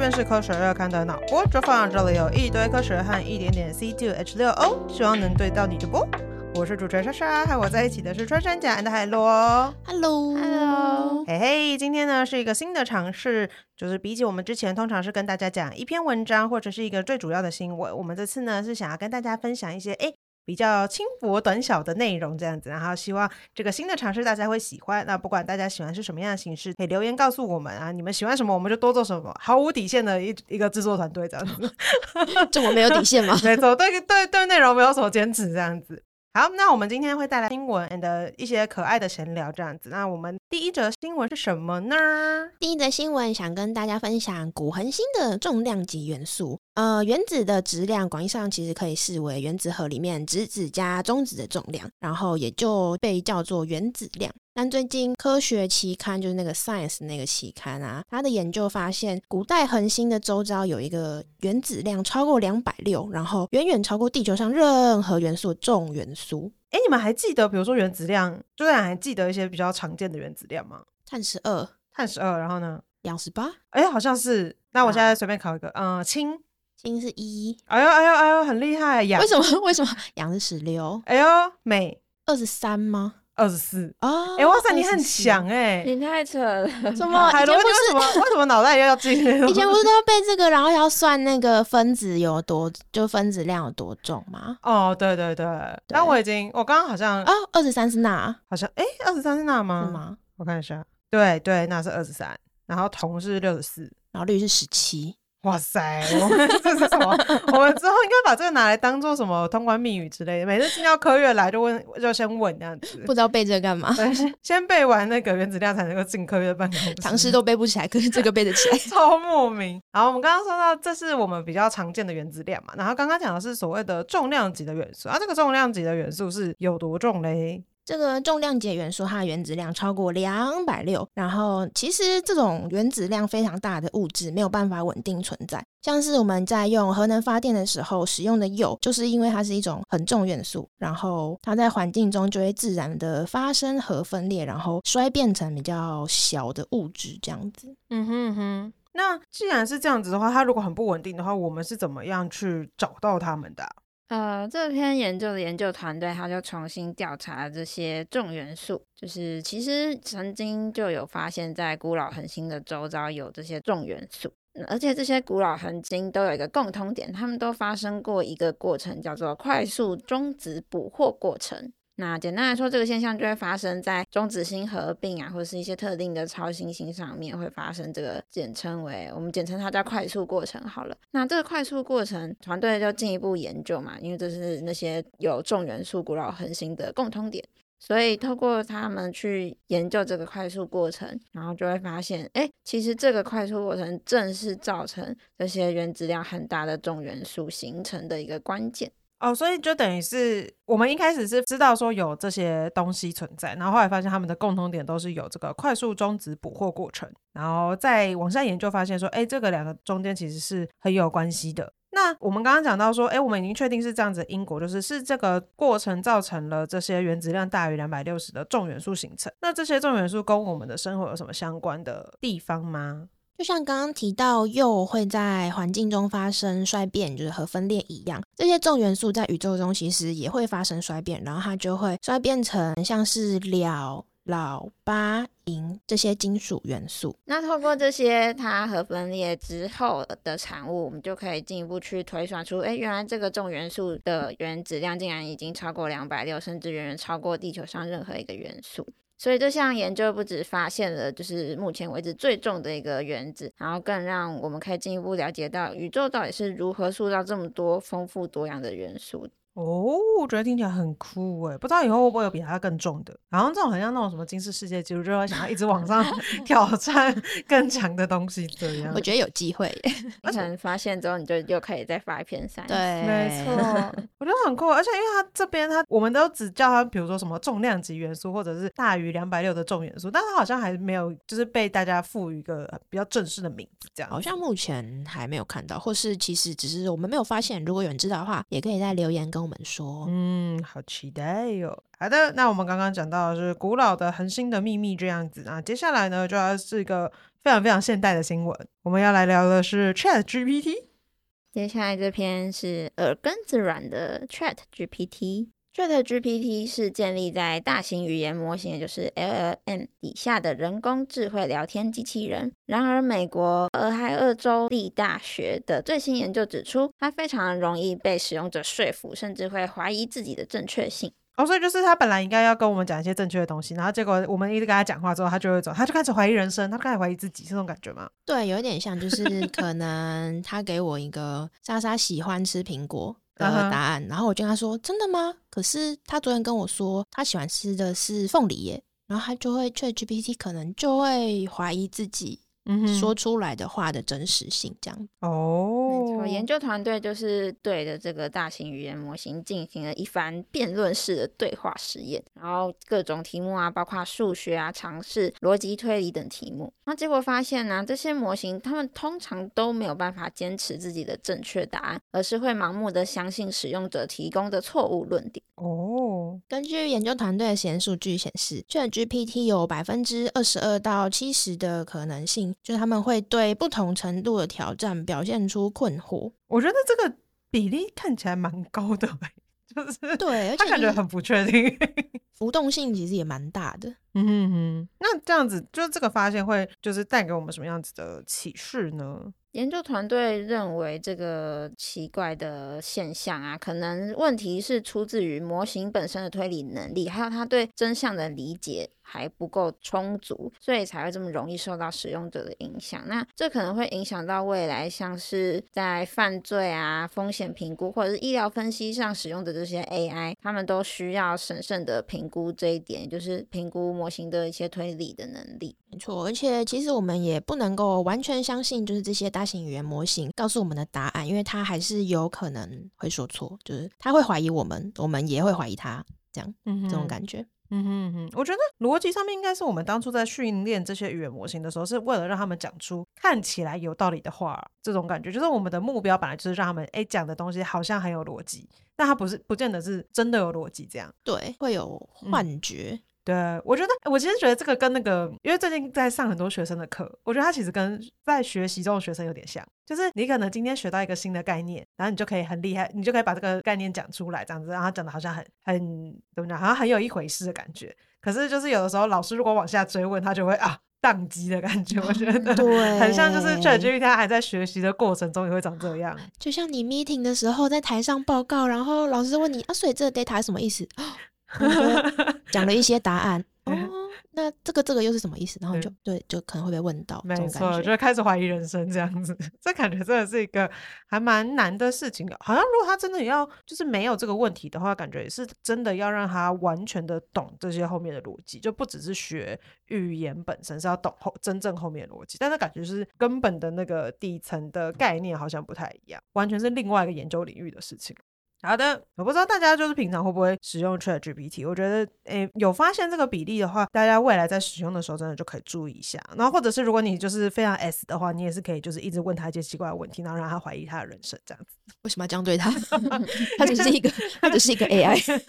這邊是科學月刊的腦波酒坊，就放在這裡有一堆科學和一點點 C 2 H 6 O，希望能對到你的波。我是主持人莎莎，和我在一起的是穿山甲 and 海螺。哈嘍，哈嘍。嘿嘿，今天呢是一個新的嘗試，就是比起我們之前通常是跟大家講一篇文章或者是一個最主要的新聞，我，我們這次呢是想要跟大家分享一些哎。誒比較輕薄短小的內容這樣子，然後希望這個新的嘗試大家會喜歡。那不管大家喜歡是什麼樣的形式，可以留言告訴我們啊，你們喜歡什麼，我們就多做什麼。毫無底線的一一個製作團隊這樣子， 這麼沒有底線嗎？ 沒錯，對對對，內容沒有什麼堅持這樣子。好，那我們今天會帶來新聞和一些可愛的閒聊這樣子，那我們。第一則新聞是什麼呢？第一則新聞想跟大家分享古恆星的重量級元素。呃，原子的質量廣義上其實可以視為原子核裡面質子加中子的重量，然後也就被叫做原子量。但最近科學期刊就是那個 Science 那個期刊啊，它的研究發現古代恆星的周遭有一個原子量超過兩百六，然後遠遠超過地球上任何元素的重元素。哎、欸，你們還記得，比如說原子量，就是還記得一些比較常見的原子量嗎？碳十二，碳十二，然後呢？氧十八，哎，好像是。那我現在隨便考一個，嗯、啊，氫、呃，氫是一、哎。哎呦哎呦哎呦，很厲害。氧為什麼為什麼氧是十六？哎呦，鎂二十三嗎？二十四哦，哎、oh, 欸、哇塞，你很強哎、欸，你太扯了，什麼？海螺？是為什麼？為什麼腦袋又要進？以前不是都 要背這個，然後要算那個分子有多，就分子量有多重嗎？哦，oh, 對對對。對，但我已經，我剛剛好像、oh, 啊，二十三是鈉，好像哎，二十三是鈉嗎？是嗎麼？我看一下，對對，鈉是二十三，然後銅是六十四，然後氯是十七。哇塞，我們這是什麼？ 我們之後應該把這個拿來當作什麼通關密語之類的？每次進到科月來，就問，就先問這樣子，不知道背這幹嘛。對，先背完那個原子量才能夠進科月辦公室。唐詩都背不起來，可是這個背得起來， 超莫名。好，我們剛剛說到這是我們比較常見的原子量嘛，然後剛剛講的是所謂的重量級的元素，那、啊、這個重量級的元素是有多重嘞？這個重量級元素，它的原子量超過兩百六。然後，其實這種原子量非常大的物質沒有辦法穩定存在。像是我們在用核能發電的時候使用的鈾，就是因為它是一種很重元素，然後它在環境中就會自然的發生核分裂，然後衰變成比較小的物質這樣子。嗯哼嗯哼。那既然是這樣子的話，它如果很不穩定的話，我們是怎麼樣去找到它們的？呃，這篇研究的研究團隊，他就重新調查了這些重元素，就是其實曾經就有發現，在古老恆星的周遭有這些重元素，嗯，而且這些古老恆星都有一個共通點，他們都發生過一個過程，叫做快速中子捕獲過程。那簡單來說，這個現象就會發生在中子星合併啊，或者是一些特定的超新星上面，會發生這個簡稱為，我們簡稱它叫快速過程好了。那這個快速過程，團隊就進一步研究嘛，因為這是那些有重元素古老恆星的共通點，所以透過他們去研究這個快速過程，然後就會發現，哎，其實這個快速過程正是造成這些原子量很大的重元素形成的一個關鍵。哦，所以就等於是我們一開始是知道說有這些東西存在，然後後來發現他們的共同點都是有這個快速中子捕獲過程，然後再往下研究發現說，哎，這個兩個中間其實是很有關係的。那我們剛剛講到說，哎，我們已經確定是這樣子的因果，就是是這個過程造成了這些原子量大於兩百六十的重元素形成。那這些重元素跟我們的生活有什麼相關的地方嗎？就像剛剛提到，鈾會在環境中發生衰變，就是核分裂一樣。這些重元素在宇宙中其實也會發生衰變，然後它就會衰變成像是銠、銠、鈀、銀這些金屬元素。那透過這些它核分裂之後的產物，我們就可以進一步去推算出，哎，原來這個重元素的原子量竟然已經超過兩百六，甚至遠遠超過地球上任何一個元素。所以這項研究不止發現了就是目前為止最重的一個原子，然後更讓我們可以進一步了解到宇宙到底是如何塑造這麼多豐富多樣的元素。哦，我覺得聽起來很酷哎，不知道以後會不會有比它更重的？好像這種很像那種什麼《金氏世界紀錄》，就想要一直往上 挑戰更強的東西這樣。我覺得有機會，而且、啊、發現之後你就又可以再發一篇三。對，沒錯，我覺得很酷，而且因為它這邊它我們都只叫它，比如說什麼重量級元素或者是大於兩百六的重元素，但它好像還沒有就是被大家賦予一個比較正式的名字，這樣好像目前還沒有看到，或是其實只是我們沒有發現。如果有人知道的話，也可以在留言跟我，說，嗯，好期待喲、哦。好的，那我們剛剛講到的是古老的恆星的秘密這樣子，那、啊、接下來呢就要是一個非常非常現代的新聞，我們要來聊的是 ChatGPT。接下來這篇是耳根子軟的 ChatGPT。ChatGPT 是建立在大型語言模型，也就是 LLM 以下的人工智慧聊天機器人。然而，美國俄亥俄州立大學的最新研究指出，它非常容易被使用者說服，甚至會懷疑自己的正確性。哦，所以就是他本來應該要跟我們講一些正確的東西，然後結果我們一直跟他講話之後，他就會走，他就開始懷疑人生，他就開始懷疑自己，是這種感覺嗎？對，有一點像，就是可能他給我一個沙沙喜歡吃蘋果。 呃，的答案。Uh huh. 然後我就跟他說：“真的嗎？”可是他昨天跟我說他喜歡吃的是鳳梨耶，然後他就會 ChatGPT 可能就會懷疑自己。嗯、說出來的話的真實性，這樣哦，沒錯。研究團隊就是對着這個大型語言模型進行了一番辯論式的對話實驗，然後各種題目啊，包括數學啊、嘗試邏輯推理等題目。那結果發現呢、啊，這些模型他們通常都沒有辦法堅持自己的正確答案，而是會盲目的相信使用者提供的錯誤論點。哦，根據研究團隊的實驗數據顯示，ChatGPT 有百分之二十二到七十的可能性。就他們會對不同程度的挑戰表現出困惑，我覺得這個比例看起來蠻高的，欸，就是對，而且，就是，感覺很不確定，浮 動性其實也蠻大的。嗯哼哼，那這樣子，就這個發現會就是帶給我們什麼樣子的啟示呢？研究團隊認為，這個奇怪的現象啊，可能問題是出自於模型本身的推理能力，還有他對真相的理解還不夠充足，所以才會這麼容易受到使用者的影響。那這可能會影響到未來，像是在犯罪啊、風險評估或者是醫療分析上使用的這些 AI，他們都需要審慎的評估這一點，就是評估。模型的一些推理的能力，沒錯。而且，其實我們也不能夠完全相信，就是這些大型語言模型告訴我們的答案，因為它還是有可能會說錯。就是他會懷疑我們，我們也會懷疑他，這樣。嗯哼。這種感覺。嗯哼嗯哼，我覺得邏輯上面應該是我們當初在訓練這些語言模型的時候，是為了讓他們講出看起來有道理的話啊。這種感覺，就是我們的目標本來就是讓他們誒講、欸、的東西好像很有邏輯，但它不是，不見得是真的有邏輯。這樣對，會有幻覺。嗯對，我覺得我其實覺得這個跟那個，因為最近在上很多學生的課，我覺得他其實跟在學習中的學生有點像，就是你可能今天學到一個新的概念，然後你就可以很厲害，你就可以把這個概念講出來，這樣子，然後講的好像很很怎麼講，好像很有一回事的感覺。可是就是有的時候老師如果往下追問，他就會啊當機的感覺，我覺得對，很像就是 ChatGPT 他還在學習的過程中，也會長這樣。就像你 meeting 的時候在台上報告，然後老師問你啊，所以這個 data 是什麼意思？講 了一些答案 哦，那這個這個又是什麼意思？然後就對，嗯、就可能會被問到，沒錯，就開始懷疑人生這樣子。這感覺真的是一個還蠻難的事情。好像如果他真的要就是沒有這個問題的話，感覺也是真的要讓他完全的懂這些後面的邏輯，就不只是學語言本身，是要懂後真正後面的邏輯。但是感覺是根本的那個底層的概念好像不太一樣，完全是另外一個研究領域的事情。好的，我不知道大家就是平常會不會使用 ChatGPT，我覺得誒、欸、有發現這個比例的話，大家未來在使用的時候真的就可以注意一下。然後或者是如果你就是非常 S 的話，你也是可以就是一直問他一些奇怪的問題，然後讓他懷疑他的人生這樣子。為什麼要這樣對他？他只是一個，他只是一個 AI。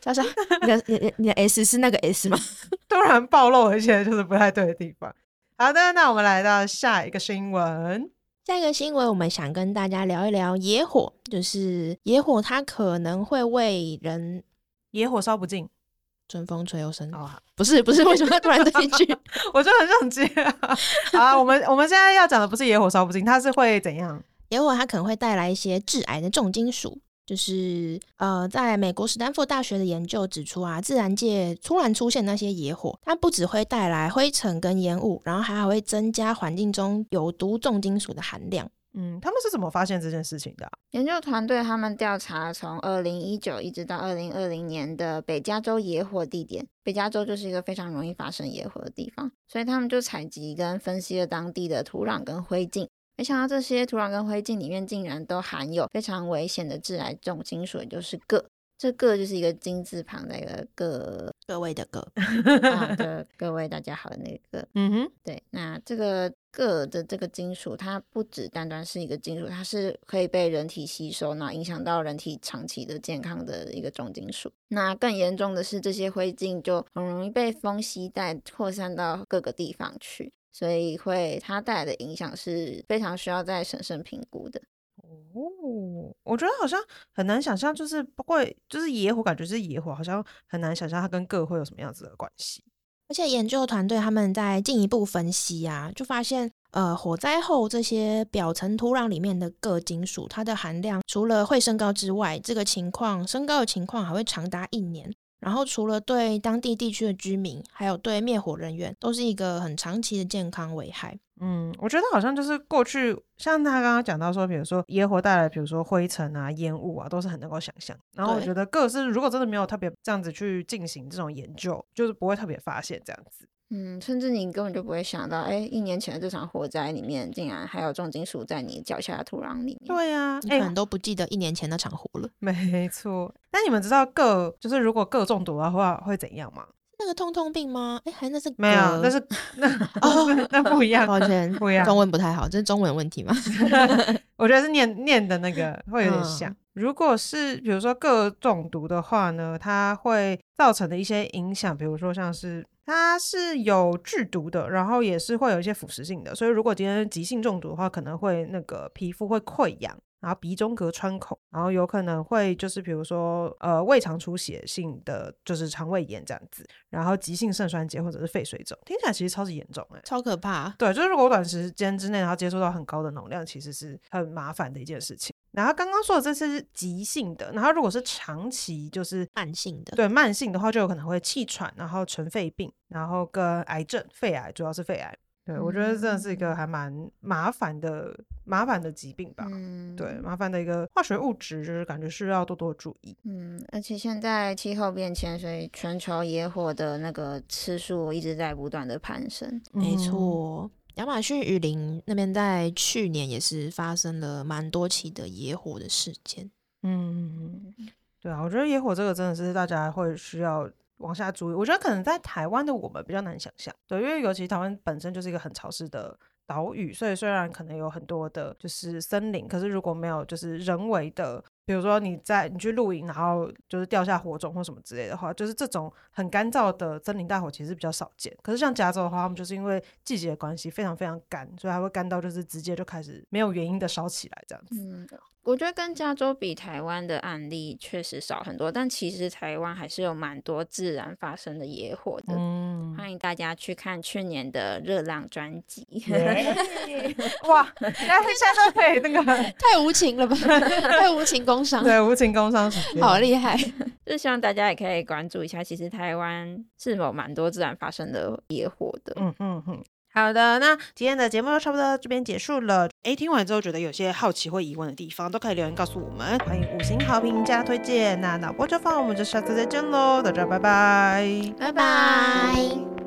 沙沙，你的你你你的 S 是那個 S 嗎？ 突然暴露一些就是不太對的地方。好的，那我們來到下一個新聞。下一個新聞我們想跟大家聊一聊野火，就是野火，它可能會為人。野火燒不盡，春風吹又生。哦，不是，不是， 為什麼突然對一句？ 我就很想接、啊。好、啊，我們我們現在要講的不是野火燒不盡，它是會怎樣？野火它可能會帶來一些致癌的重金屬。就是呃，在美國斯坦福大學的研究指出啊，自然界突然出現那些野火，它不只會帶來灰塵跟煙霧，然後還還會增加環境中有毒重金屬的含量。嗯，他們是怎麼發現這件事情的、啊？研究團隊他們調查從二零一九一直到二零二零年的北加州野火地點，北加州就是一個非常容易發生野火的地方，所以他們就採集跟分析了當地的土壤跟灰燼。沒想到這些土壤跟灰燼裡面竟然都含有非常危險的致癌重金屬，也就是鉻。這個就是一個金字旁的一個各，各位的各， 啊、各位大家好，那個嗯哼，對，那這個鉻的這個金屬，它不只單單是一個金屬，它是可以被人體吸收，然後影響到人體長期的健康的一個重金屬。那更嚴重的是，這些灰燼就很容易被風吸帶擴散到各個地方去，所以會它帶來的影響是非常需要再審慎評估的。哦哦，我覺得好像很難想象，就是不過就是野火，感覺是野火，好像很難想象它跟鉻會有什麼樣子的關係。而且研究團隊他們在進一步分析啊，就發現呃火災後這些表層土壤裡面的鉻金屬，它的含量除了會升高之外，這個情況升高的情況還會長達一年。然後除了對當地地區的居民，還有對滅火人員，都是一個很長期的健康危害。嗯，我覺得好像就是過去，像他剛剛講到說，比如說野火帶來，比如說灰塵啊、煙霧啊，都是很能夠想象。然後我覺得鉻是，如果真的沒有特別這樣子去進行這種研究，就是不會特別發現這樣子。嗯，甚至你根本就不會想到，哎，一年前的這場火災裡面，竟然還有重金屬在你腳下的土壤裡面。對呀、啊，你可能都不記得一年前那場火了、哎。沒錯。那你們知道鉻就是如果鉻中毒的話會怎樣嗎？那個痛痛病嗎？哎、欸，還那是沒有，那是那哦，那不一樣，抱歉，不一樣。中文不太好，這、就是中文問題嗎？ 我覺得是念念的那個會有點像。嗯、如果是比如說各種毒的話呢，它會造成的一些影響，比如說像是它是有劇毒的，然後也是會有一些腐蝕性的。所以如果今天急性中毒的話，可能會那個皮膚會潰瘍。然後鼻中隔穿孔，然後有可能會就是比如說呃胃腸出血性的就是腸胃炎這樣子，然後急性腎衰竭或者是肺水腫，聽起來其實超級嚴重哎、欸，超可怕。對，就是如果短時間之內然後接觸到很高的能量，其實是很麻煩的一件事情。然後剛剛說的這是急性的，然後如果是長期就是慢性的，對，慢性的話就有可能會氣喘，然後塵肺病，然後跟癌症，肺癌，主要是肺癌。對，我覺得這是一個還蠻麻煩的、嗯、麻煩的疾病吧。嗯，對，麻煩的一個化學物質，就是感覺是要多多注意。嗯，而且現在氣候變遷，所以全球野火的那個次數一直在不斷的攀升。嗯、沒錯、哦，亞馬遜雨林那邊在去年也是發生了蠻多起的野火的事件。嗯嗯嗯，對啊，我覺得野火這個真的是大家會需要往下注意，我覺得可能在台灣的我們比較難想象，對，因為尤其台灣本身就是一個很潮濕的島嶼，所以雖然可能有很多的就是森林，可是如果沒有就是人為的，比如說你在你去露營，然後就是掉下火種或什麼之類的話，就是這種很乾燥的森林大火其實比較少見。可是像加州的話，他們就是因為季節的關係非常非常乾，所以還會乾到就是直接就開始沒有原因的燒起來這樣子。嗯我覺得跟加州比，台灣的案例確實少很多，但其實台灣還是有蠻多自然發生的野火的。嗯、歡迎大家去看去年的《熱浪》專輯。耶 哇，來聽一下，都太那個太無情了吧？ 太無情工商，工商，對，無情工商， 好厲害！ 就希望大家也可以關注一下，其實台灣是有蠻多自然發生的野火的。嗯嗯嗯。嗯嗯好的，那今天的節目就差不多到這邊結束了。哎，聽完之後覺得有些好奇或疑問的地方，都可以留言告訴我們。歡迎五星好評加推薦。那腦波酒坊，我們就下次再見嘍，大家拜拜，拜拜。